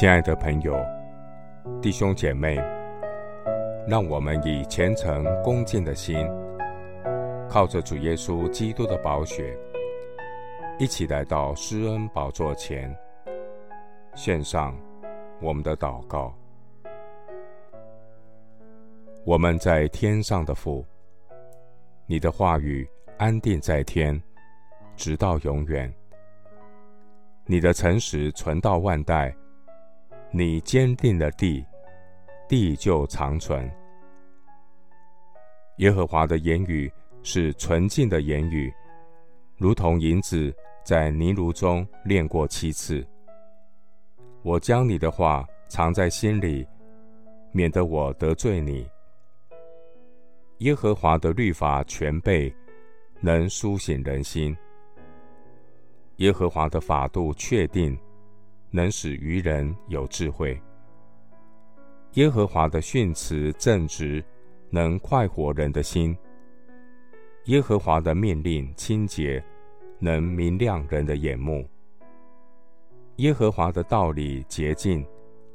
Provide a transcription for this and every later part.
親愛的朋友、弟兄姐妹，讓我們以虔誠恭敬的心，靠着主耶穌基督的寶血，一起來到施恩寶座前，獻上我們的禱告。我們在天上的父，你的話語安定在天，直到永遠；你的誠實存到萬代。你堅定了地，地就長存。耶和華的言語是純淨的言語，如同銀子在泥爐中煉過七次。我將你的話藏在心裡，免得我得罪你。耶和華的律法全備，能蘇醒人心。耶和華的法度確定。能使愚人有智慧。耶和華的訓詞正直，能快活人的心。耶和華的命令清潔，能明亮人的眼目。耶和華的道理潔淨，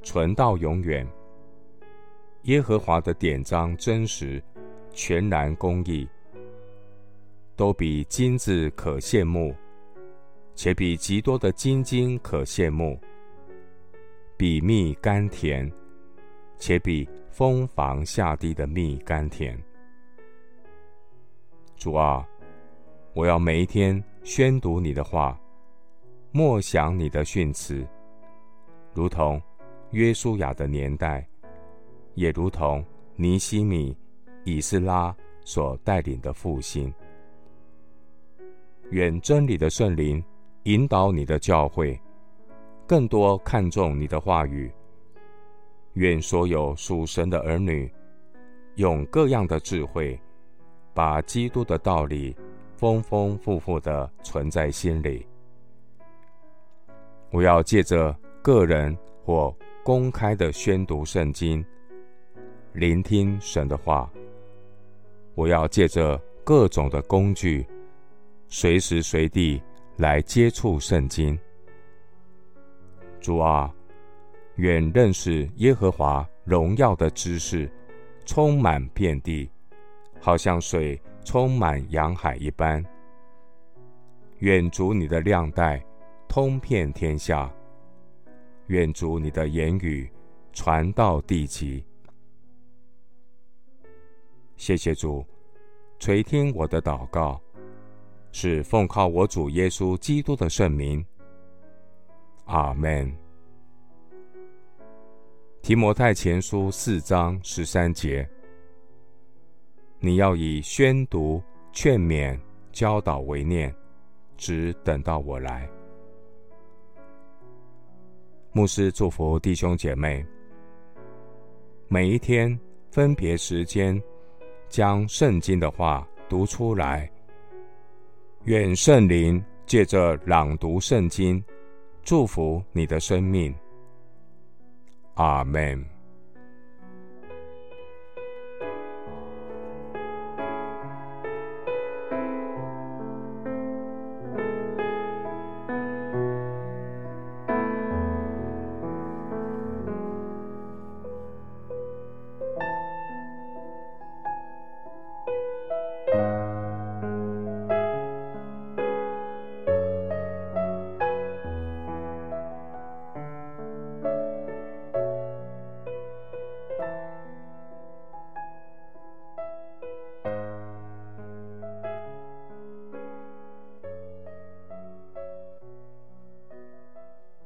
存到永遠。耶和華的典章真實，全然公義，都比金子可羨慕。且比極多的精金可羨慕，比蜜甘甜，且比蜂房下滴的蜜甘甜。主啊，我要每一天宣讀你的話，默想你的訓詞，如同約書亞的年代，也如同尼西米、以斯拉所帶領的復興。願真理的聖靈，引導你的教會，更多看重你的話語。願所有屬神的兒女，用各樣的智慧，把基督的道理豐豐富富地存在心裡。我要借着個人或公開的宣讀聖經，聆聽神的話。我要借着各種的工具，隨時隨地。來接觸聖經，主啊，願認識耶和華榮耀的知識充滿遍地，好像水充滿洋海一般。願主你的亮帶通遍天下，願主你的言語傳到地極。謝謝主，垂聽我的禱告。是奉靠我主耶穌基督的聖名，阿門。提摩太前書四章十三節，你要以宣讀、勸勉、教導為念，直等到我來。牧師祝福弟兄姐妹，每一天分別時間，將聖經的話讀出來。願聖靈借着朗讀聖經，祝福你的生命。阿們。